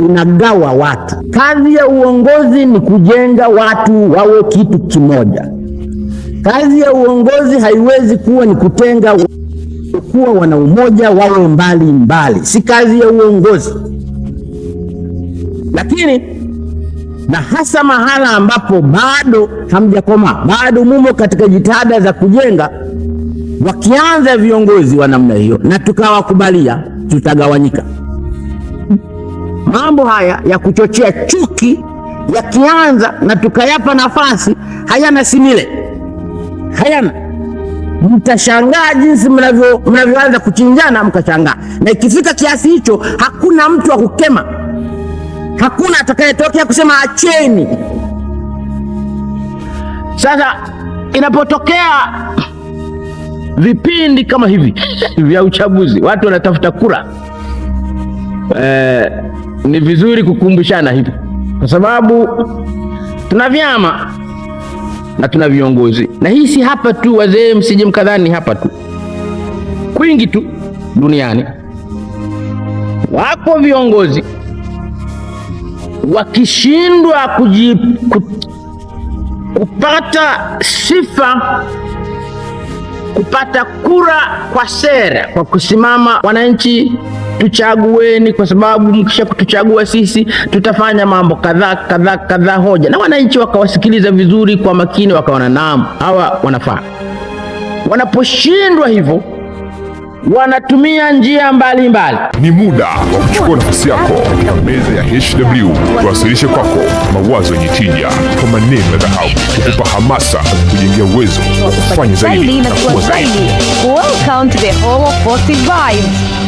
unagawa watu. Kazi ya uongozi ni kujenga watu wawe kitu kimoja. Kazi ya uongozi haiwezi kuwa ni kutenga kuwa wana umoja wawe mbali mbali, si kazi ya uongozi. Lakini na hasa mahala ambapo bado hamjakomaa, bado mumo katika jitihada za kujenga, wakianza viongozi wa namna hiyo na tukawakubalia, tutagawanyika mambo haya ya kuchochea chuki yakianza na tukayapa nafasi, hayana simile, hayana mtashangaa jinsi mnavyoanza kuchinjana, mkashangaa. Na ikifika kiasi hicho, hakuna mtu wa kukema, hakuna atakayetokea kusema acheni. Sasa inapotokea vipindi kama hivi vya uchaguzi, watu wanatafuta kura eh, ni vizuri kukumbushana hivyo, kwa sababu tuna vyama na tuna viongozi, na hii si hapa tu. Wazee msije mkadhani hapa tu, kwingi tu duniani wako viongozi wakishindwa kuji, kupata sifa kupata kura kwa sera kwa kusimama wananchi tuchagueni, kwa sababu mkisha kutuchagua sisi tutafanya mambo kadhaa kadhaa kadhaa. Hoja na wananchi wakawasikiliza vizuri kwa makini, wakaona naam, hawa wanafaa. Wanaposhindwa hivyo wanatumia njia mbalimbali mbali. Ni muda wa kuchukua nafasi yako katika meza ya HW, tuwasilishe kwako mawazo yenye tija kwa maneno ya dhahabu, kukupa hamasa, kujengea uwezo wa kufanya zaidi na kuwa zaidi. Welcome to the Hall of Positive Vibes.